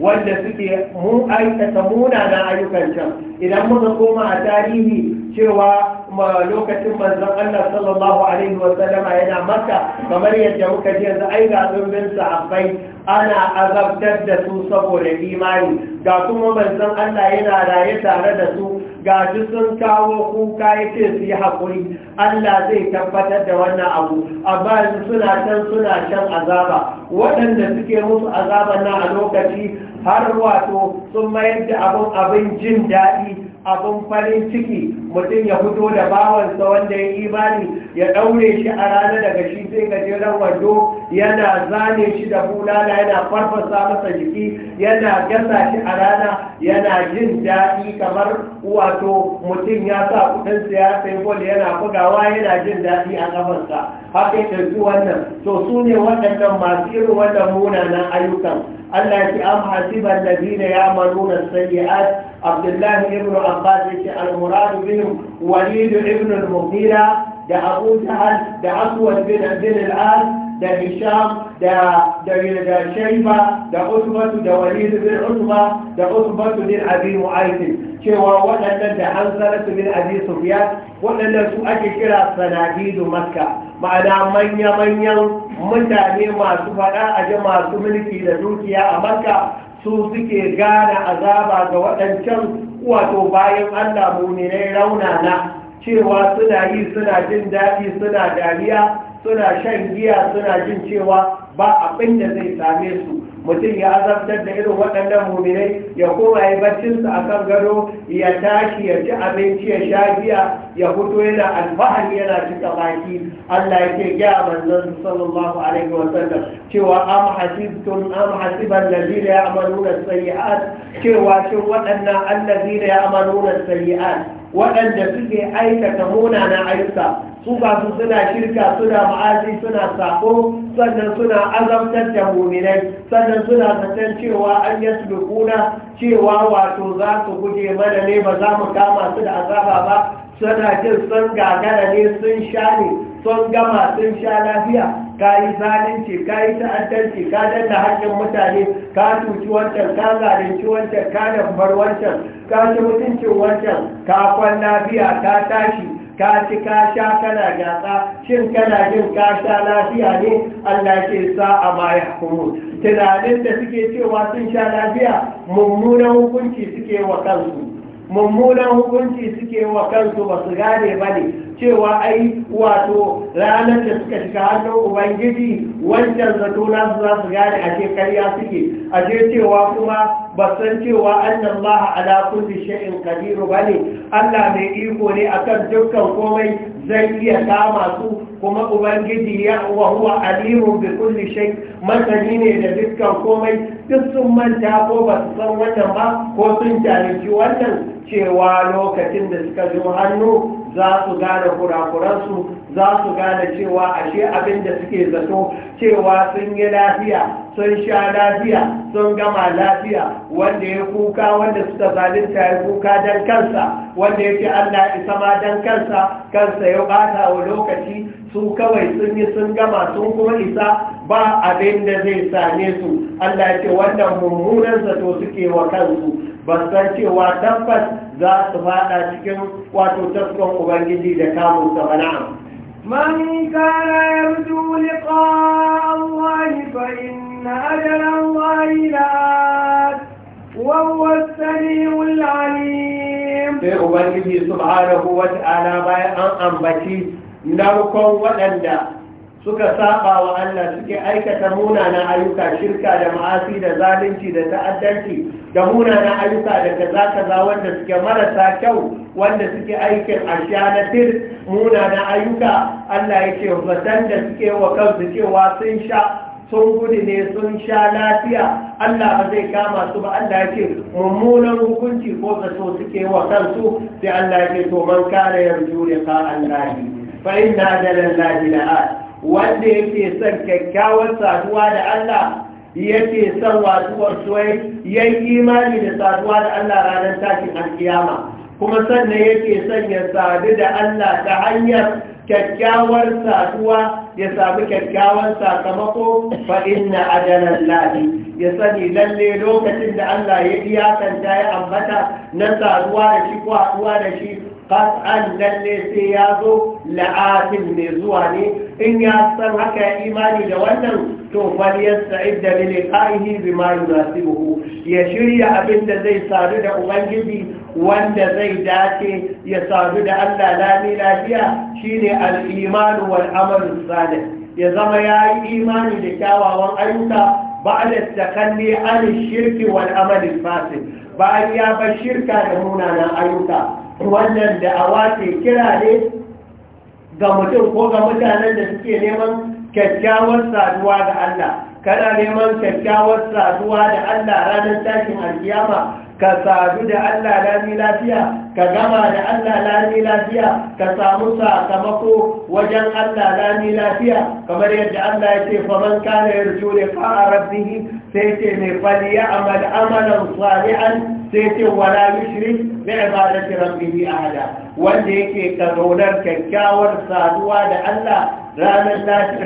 wanda suke mu aikata munana ayyukan can idan muka koma a tarihi cewa lokacin manzon Allah sallallahu alaihi wa sallama yana maka kamar yadda muka ji yanzu ai ga dumbin sahabbai ana azabtar da su saboda imani ga kuma manzon Allah yana raye tare da su ga sun kawo kuka yace su yi hakuri Allah zai tabbatar da wannan abu amma suna can suna can azaba waɗanda suke musu azaban nan a lokaci har wato sun mayar da abin abin jin daɗi abun farin ciki mutum ya fito da bawansa wanda ya yi imani ya daure shi a rana daga shi sai gajeren wando yana zane shi da bulala yana farfasa masa jiki yana gasa shi a rana yana jin daɗi kamar wato mutum ya sa kudinsa ya sai gol yana bugawa yana jin daɗi a kafarsa haka ya ɗauki wannan to su ne waɗannan masu irin wannan munanan ayyukan Allah ya nadina ya hasiban ya maruna sayyi'at عبد الله بن عباس المراد بهم وليد بن المغيرة ده أبو جهل ده أسود بن عبد الآن ده هشام ده ده ده شيبة ده عتبة ده وليد بن عتبة ده عتبة بن أبي معيط cewa waɗannan da hanzaratu bin abi sufyan waɗannan su ake kira sanadidu makka ma'ana manya-manyan mutane masu faɗa a ji masu mulki da dukiya a makka su suke gane azaba ga waɗancan wato bayan Allah muminai na cewa suna yi suna jin daɗi suna dariya suna shan giya suna jin cewa ba abin da zai same su mutum ya azabtar da irin waɗannan muminai ya koma ya baccinsa a kan gado ya tashi ya ci abinci ya sha biya, ya fito yana alfahari yana cika baki Allah yake ya manzon sallallahu alaihi wa sallam cewa am hasibtum am hasiban ladina ya'maluna as cewa shin waɗannan allazina ya'maluna as waɗanda suke aikata munana ayyuka su ba su suna shirka suna ma'azi suna sako sannan suna azabtar da muminai sannan suna zaton cewa an yi sulukuna cewa wato za su guje mana ne ba za mu kama su da azaba ba suna jin sun gagara ne sun sha ne sun gama sun sha lafiya ka yi zalunci ka yi ta'addanci ka danna hakkin mutane ka cuci wancan ka zalunci wancan ka dambar wancan ka ci mutuncin wancan ka kwan lafiya ka tashi ka ci ka sha kana gasa shin kana jin ka sha lafiya ne Allah ke sa a ma ya tunanin da suke cewa sun sha lafiya mummunan hukunci suke wa kansu mummunan hukunci suke wa kansu ba su gane ba ne cewa ai wato ranar da suka shiga hannun ubangiji wancan zato na su za su gane a ce karya suke a ce cewa kuma ba san cewa annan maha ala kulli shay'in ba bane Allah mai iko ne akan dukkan komai zai iya kama su kuma ubangiji ya wa huwa alimu bi kulli shay masani ne da dukkan komai duk sun manta ko ba su san wannan ba ko sun jarinci wannan cewa lokacin da suka zo hannu za su gane kurakuransu za su gane cewa ashe abin da suke zato cewa sun yi lafiya sun sha lafiya sun gama lafiya wanda ya kuka wanda suka zalunta ya kuka don kansa wanda ya ce allah isa ma don kansa kansa ya bata wa lokaci su kawai sun yi sun gama sun kuma isa ba abin da zai same su allah ya ce wannan mummunan zato suke wa kansu ba san cewa tabbas za su faɗa cikin wato tafkon ubangiji da kamun sa bana man kana yarju liqa allah fa inna ajala allah la wa huwa as sai ubangiji subhanahu wa ta'ala bayan an ambaci na waɗanda suka saba wa Allah suke aikata munanan ayyuka shirka da ma'asi da zalunci da ta'addanci da munanan ayyuka da kaza kaza wanda suke marasa kyau wanda suke aikin na tir munanan ayyuka Allah yake batan da suke wa kansu cewa sun sha sun gudu ne sun sha lafiya Allah ba zai kama su ba Allah yake mummunan hukunci ko zato suke wa kansu sai Allah yake to man kare yarjuri ka Allah fa inna ajala Allah la'at wanda yake son kyakkyawar saduwa da Allah yake son wasuwar soyayya yan imani da saduwa da Allah ranar tashin alkiyama kuma sannan yake son ya sadu da Allah ta hanyar kyakkyawar saduwa ya sami kyakkyawar sakamako fa inna ajalan lahi ya sani lalle lokacin da Allah ya iyakanta ya ambata na saduwa da shi ko haɗuwa da shi fas'al lalle sai ya zo la'atin mai zuwa ne in ya san haka ya imani da wannan to falyasta'id da liqa'ihi bima yunasibuhu ya shirya abin da zai sadu da ubangiji wanda zai dace ya sadu da Allah lami lafiya shine al-iman wal amal salih ya zama ya yi imani da kyawawan ayyuka بعد التخلي عن الشرك والأمل ya bar shirka da munanan ayyuka. wannan da'awa ce kira ne ga mutum ko ga mutanen da suke neman kyakkyawar saduwa da Allah kana neman kyakkyawar saduwa da Allah ranar tashin alkiyama ka sadu da Allah lami lafiya ka gama da Allah lami lafiya ka samu sakamako wajen Allah lami lafiya kamar yadda Allah ya ce faman kana yarju liqa'a rabbih sai ce ne faliya amal amalan salihan sai ce wala yushrik bi ibadati rabbih ahada wanda yake kaunar kyakkyawar saduwa da Allah ranar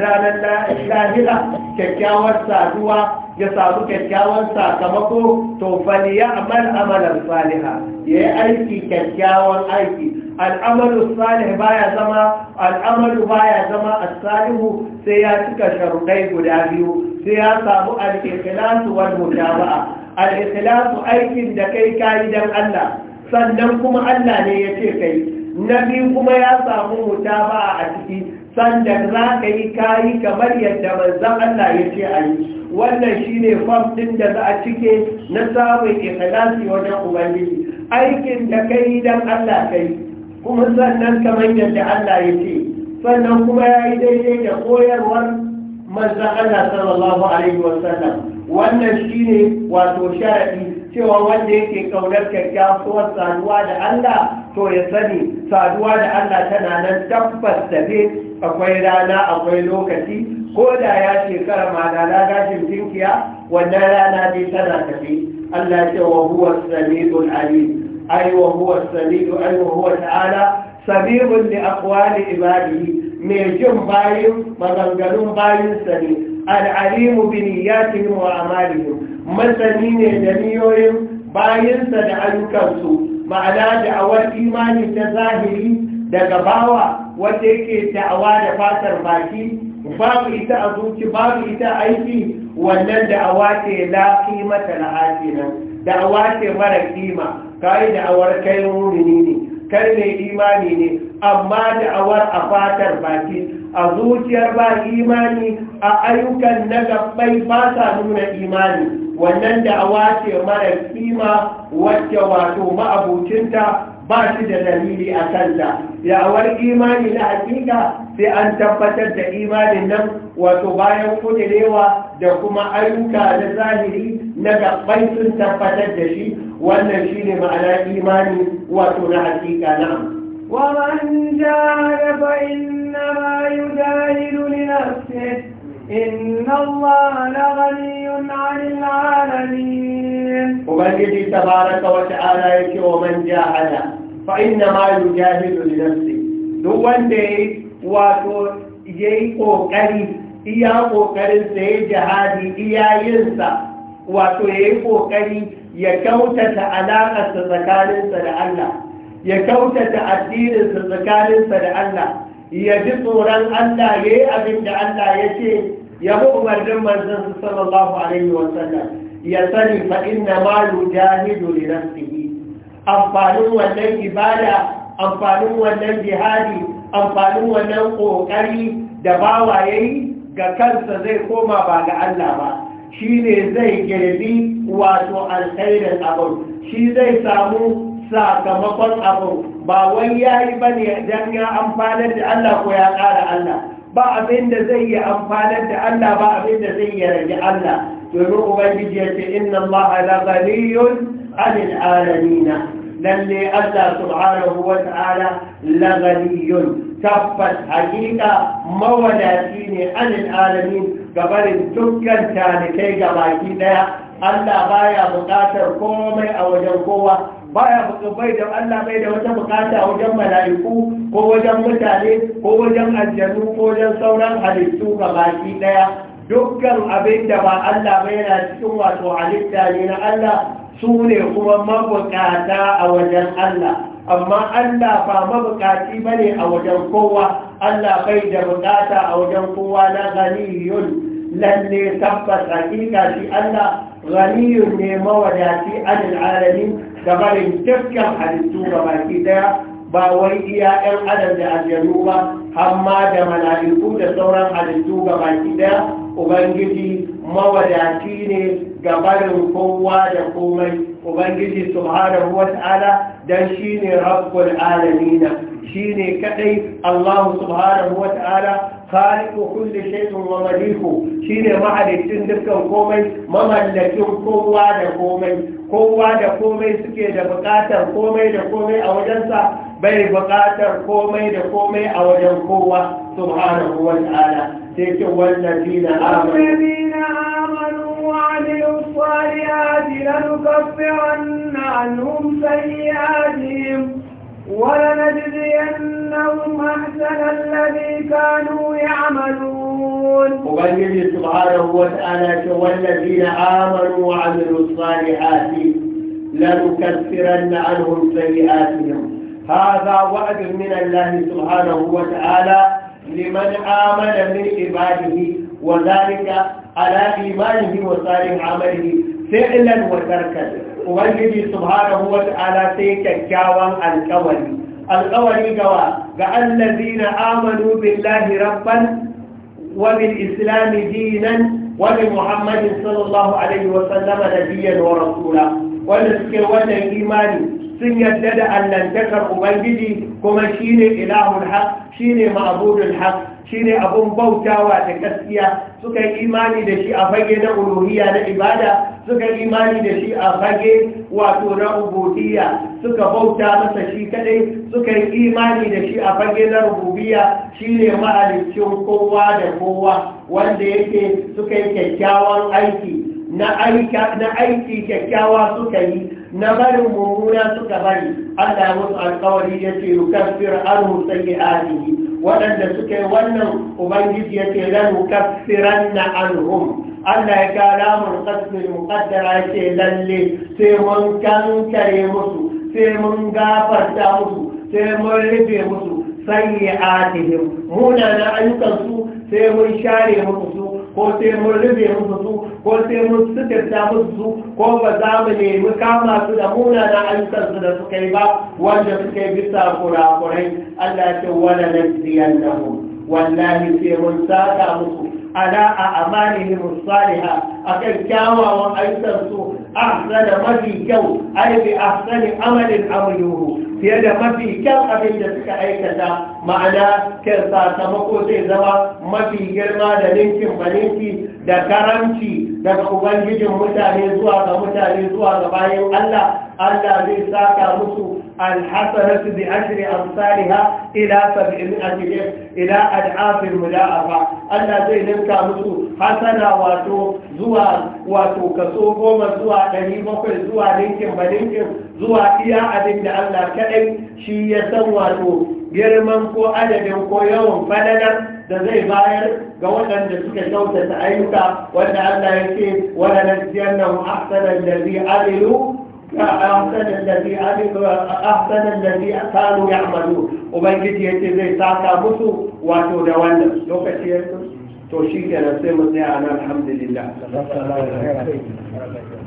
lahira kyakkyawar saduwa ya samu kyakkyawar sakamako to fali ya amal amalan saliha ya yi aiki kyakkyawar aiki al'amalu salih baya zama al'amalu baya zama salihu sai ya cika sharuɗai guda biyu sai ya samu al wani wal mutaba'a al aikin da kai kayi dan Allah sannan kuma Allah ne ya ce kai na biyu kuma ya samu ba a ciki sandan za ka yi kayi kamar yadda manzan Allah ya ce a yi wannan shi ne ɗin da za a cike na samun ikhlasi wajen ubangiji aikin da ka yi don Allah kai kuma sannan kamar yadda Allah ya ce sannan kuma ya yi daidai da koyarwar manzan Allah sallallahu alaihi wasallam wannan shi ne wato sharaɗi cewa wanda yake kaunar kyakkyawar saduwa da Allah to ya sani saduwa da Allah tana nan tabbas da ne akwai rana akwai lokaci ko da ya shekara malala gashin tinkiya wannan rana dai tana tafi Allah ce wa huwa samiul alim ai wa huwa samiu ai wa huwa ta'ala sabirun li aqwali ibadihi mai jin bayin maganganun bayin sani ne al'alimu bin yakin wa amalihim masani ne da niyoyin bayansa da ayyukansu ma'ana da'awar imani ta zahiri daga bawa wanda yake ta'awa da fatar baki babu ita a zuci babu ita aiki wannan awa ce la kimata nan da awa ce mara kima kai da'awar kai mumini ne kai mai imani ne amma da'awar a fatar baki a zuciyar ba imani a ayyukan na gabbai ba sa nuna imani wannan da awa ce mara kima wacce wato ma'abucinta ba shi da dalili a kanta yawar imani na hakika sai an tabbatar da imanin nan wato bayan kudurewa da kuma ayyuka na zahiri na gabai sun tabbatar da shi wannan shi ne ma'ana imani wato na hakika na ومن جاهد فإن إنما يجاهد لنفسه إن الله لغني عن العالمين وبنجي تبارك وتعالى يكي ومن جاهد فإنما يجاهد لنفسه دو وان دي واتو يي قوكري إيا قوكري سي جهادي إيا ينسى واتو يي قوكري يكوتة علاقة تسكالنسى لألا يكوتة أدينسى تسكالنسى لألا ya ji tsoron Allah ya yi abin da Allah ya ce ya bi umarnin manzon su sallallahu alaihi wa sallam ya sani fa inna ma yujahidu li nafsihi amfanin wannan ibada amfanin wannan jihadi amfanin wannan kokari da bawa yayi ga kansa zai koma ba ga Allah ba shine zai girbi wato alkhairin abin shi zai samu sakamakon abu ba wai ya yi ba ne don ya amfanar da Allah ko ya ƙara Allah ba abin da zai yi amfanar da Allah ba abin da zai yi rage Allah domin ubangiji ya ce inna Allah ala ghaniyun anil alamina lalle Allah subhanahu wa ta'ala la tabbas hakika mawadaci ne anil alamin gabarin dukkan talikai gabaki daya Allah baya buƙatar komai a wajen kowa baya bai da Allah bai da wata bukata wajen mala'iku ko wajen mutane ko wajen aljanu ko wajen sauran halittu ga baki daya dukkan abin da ba Allah bai yana cikin wato halitta ne na Allah su ne kuma mabukata a wajen Allah amma Allah ba mabukaci bane a wajen kowa Allah bai da bukata a wajen kowa na ganiyun lalle tabbas hakika shi Allah ganiyun ne mawadaci anil alamin gabarin dukkan halittu ga baki daya ba wai iya yan adam da aljanu ba amma da mala'iku da sauran halittu ga baki daya ubangiji mawadaci ne barin kowa da komai ubangiji subhanahu wata'ala dan shine rabbul alamin shine kaɗai Allah subhanahu wata'ala khaliqu kulli shay'in wa maliku shine mahalicin dukkan komai mamallakin kowa da komai kowa da komai suke da buƙatar komai da komai a wajensa bai buƙatar komai da komai a wajen kowa subhanahu wa ta'ala sai ce wallafi na وعملوا الصالحات لنكفرن عنهم سيئاتهم ولنجزينهم أحسن الذي كانوا يعملون ubangiji subhanahu wata'ala ce wallazina amanu wa amilu salihati لنكفرن عنهم سيئاتهم هذا وعد من الله سبحانه وتعالى لمن آمن من عباده وذلك على إيمانه وصالح عمله فعلا وتركا وبنجي سبحانه وتعالى سيكاوى الكون القول جوا الذين آمنوا بالله ربا وبالإسلام دينا وبمحمد صلى الله عليه وسلم نبيا ورسولا ونسكر ونإيماني sun yadda da allantakar ubangiji kuma shine ilahul haq shine ma'budul haq ne abin bautawa da gaskiya suka yi imani da shi a fage na uluhiyya na ibada suka yi imani da shi a fage wato na ubudiyya suka bauta masa shi kadai suka yi imani da shi a fage na rububiyya shine mahalicin kowa da kowa wanda yake suka yi kyakkyawan aiki na aiki kyakkyawa suka yi na barin mummuna suka bari Allah musu alkawari ya ce yukafir anhu ajiye. waɗanda suka yi wannan ubangiji ya ce lan kafiran na anhum Allah ya ga mun kasbin muqaddara ya ce lalle sai mun kankare musu sai mun gafarta musu sai mun rufe musu Munana ayyukan su sai mun share musu su ko sai mun rufe musu su ko sai mun sutarta musu ko ba za mu nemi kama su da munana ayyukansu da suka yi ba wanda suka yi bisa kurakurai Allah ce wala da mu. wallahi sai mun saka musu ala a amanihim a akan kyawawan ayyukansu ahsana mafi kyau ai bi ahsani amalin amiluhu fiye da mafi kyau abin da suka aikata ma'ana kyan sakamako zai zama mafi girma da ninkin malinki da karanci. daga ubangijin mutane zuwa ga mutane zuwa ga bayan Allah Allah zai saka musu alhasanatu bi ashri amsalha ila sab'ati ila ad'afil muda'afa Allah zai ninka musu hasana wato zuwa wato kaso goma zuwa ɗari bakwai zuwa ninkin baninkin zuwa iya abin da Allah kaɗai shi ya san wato girman ko adadin ko yawan fadadar da zai bayar ga waɗanda suka kyautata ayyuka wanda Allah ya ce wala najziyannahum ahsana allazi amilu أحسن الذي أحسن الذي كانوا zai وبنجد يتزي wato da wannan دوانا لو كتير توشيك أنا سيمتني أنا الحمد alhamdulillah.